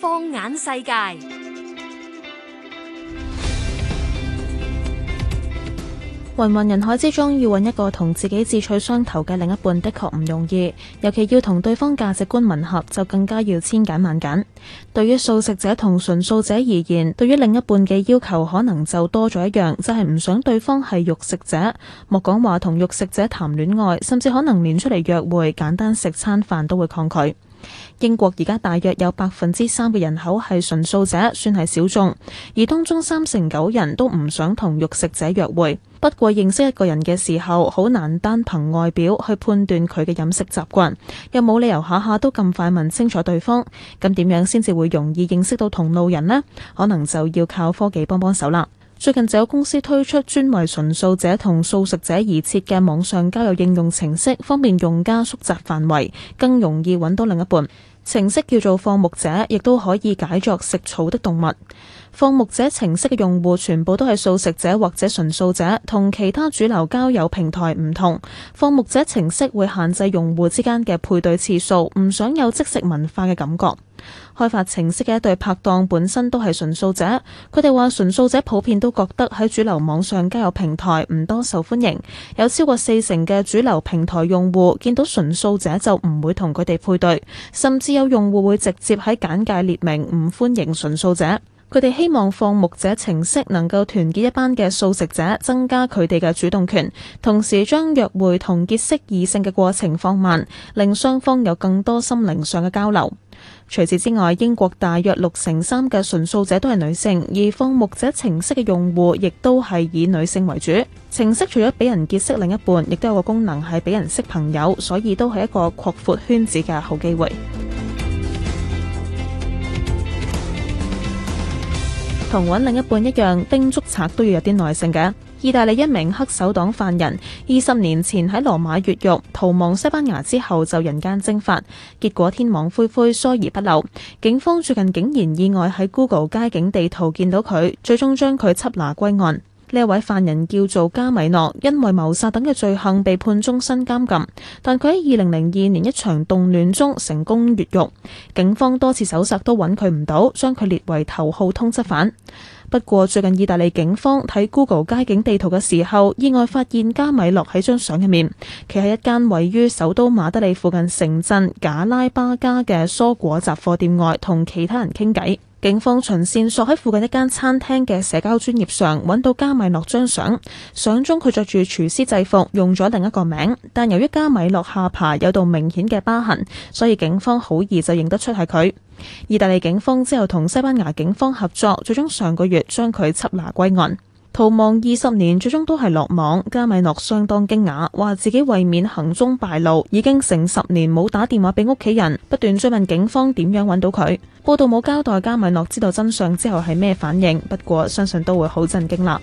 放眼世界。芸芸人海之中，要揾一個同自己志趣相投嘅另一半的確唔容易，尤其要同對方價值觀吻合，就更加要千揀萬揀。對於素食者同純素者而言，對於另一半嘅要求可能就多咗一樣，就係唔想對方係肉食者。莫講話同肉食者談戀愛，甚至可能連出嚟約會、簡單食餐飯都會抗拒。英國而家大約有百分之三嘅人口係純素者，算係小眾。而當中三成九人都唔想同肉食者約會。不過認識一個人嘅時候，好難單憑外表去判斷佢嘅飲食習慣，又冇理由下下都咁快問清楚對方。咁點樣先至會容易認識到同路人呢？可能就要靠科技幫幫手啦。最近就有公司推出專為純素者同素食者而設嘅網上交友應用程式，方便用家縮窄範圍，更容易揾到另一半。程式叫做放牧者，亦都可以解作食草的動物。放牧者程式嘅用戶全部都係素食者或者純素者，同其他主流交友平台唔同。放牧者程式會限制用戶之間嘅配對次數，唔想有即食文化嘅感覺。開發程式嘅一對拍檔本身都係純素者，佢哋話純素者普遍都覺得喺主流網上交友平台唔多受歡迎，有超過四成嘅主流平台用戶見到純素者就唔會同佢哋配對，甚至，有用戶會直接喺簡介列明唔歡迎純素者。佢哋希望放牧者程式能夠團結一班嘅素食者，增加佢哋嘅主動權，同時將約會同結識異性嘅過程放慢，令雙方有更多心靈上嘅交流。除此之外，英國大約六成三嘅純素者都係女性，而放牧者程式嘅用戶亦都係以女性為主。程式除咗俾人結識另一半，亦都有個功能係俾人識朋友，所以都係一個擴闊圈子嘅好機會。同揾另一半一樣，兵捉賊都要有啲耐性嘅。意大利一名黑手黨犯人二十年前喺羅馬越獄，逃亡西班牙之後就人間蒸發，結果天網恢恢，疏而不漏。警方最近竟然意外喺 Google 街景地圖見到佢，最終將佢緝拿歸案。呢位犯人叫做加米諾，因為謀殺等嘅罪行被判終身監禁，但佢喺二零零二年一場動亂中成功越獄，警方多次搜索，都揾佢唔到，將佢列為頭號通緝犯。不過最近意大利警方睇 Google 街景地圖嘅時候，意外發現加米諾喺張相入面，企喺一間位於首都馬德里附近城鎮賈拉巴加嘅蔬果雜貨店外，同其他人傾偈。警方循線索喺附近一間餐廳嘅社交專業上，揾到加米諾張相，相中佢着住廚師製服，用咗另一個名。但由於加米諾下巴有道明顯嘅疤痕，所以警方好易就認得出係佢。意大利警方之後同西班牙警方合作，最終上個月將佢緝拿歸案。逃亡二十年，最終都係落網。加米諾相當驚訝，話自己為免行蹤敗露，已經成十年冇打電話俾屋企人，不斷追問警方點樣揾到佢。報道冇交代加米諾知道真相之後係咩反應，不過相信都會好震驚啦。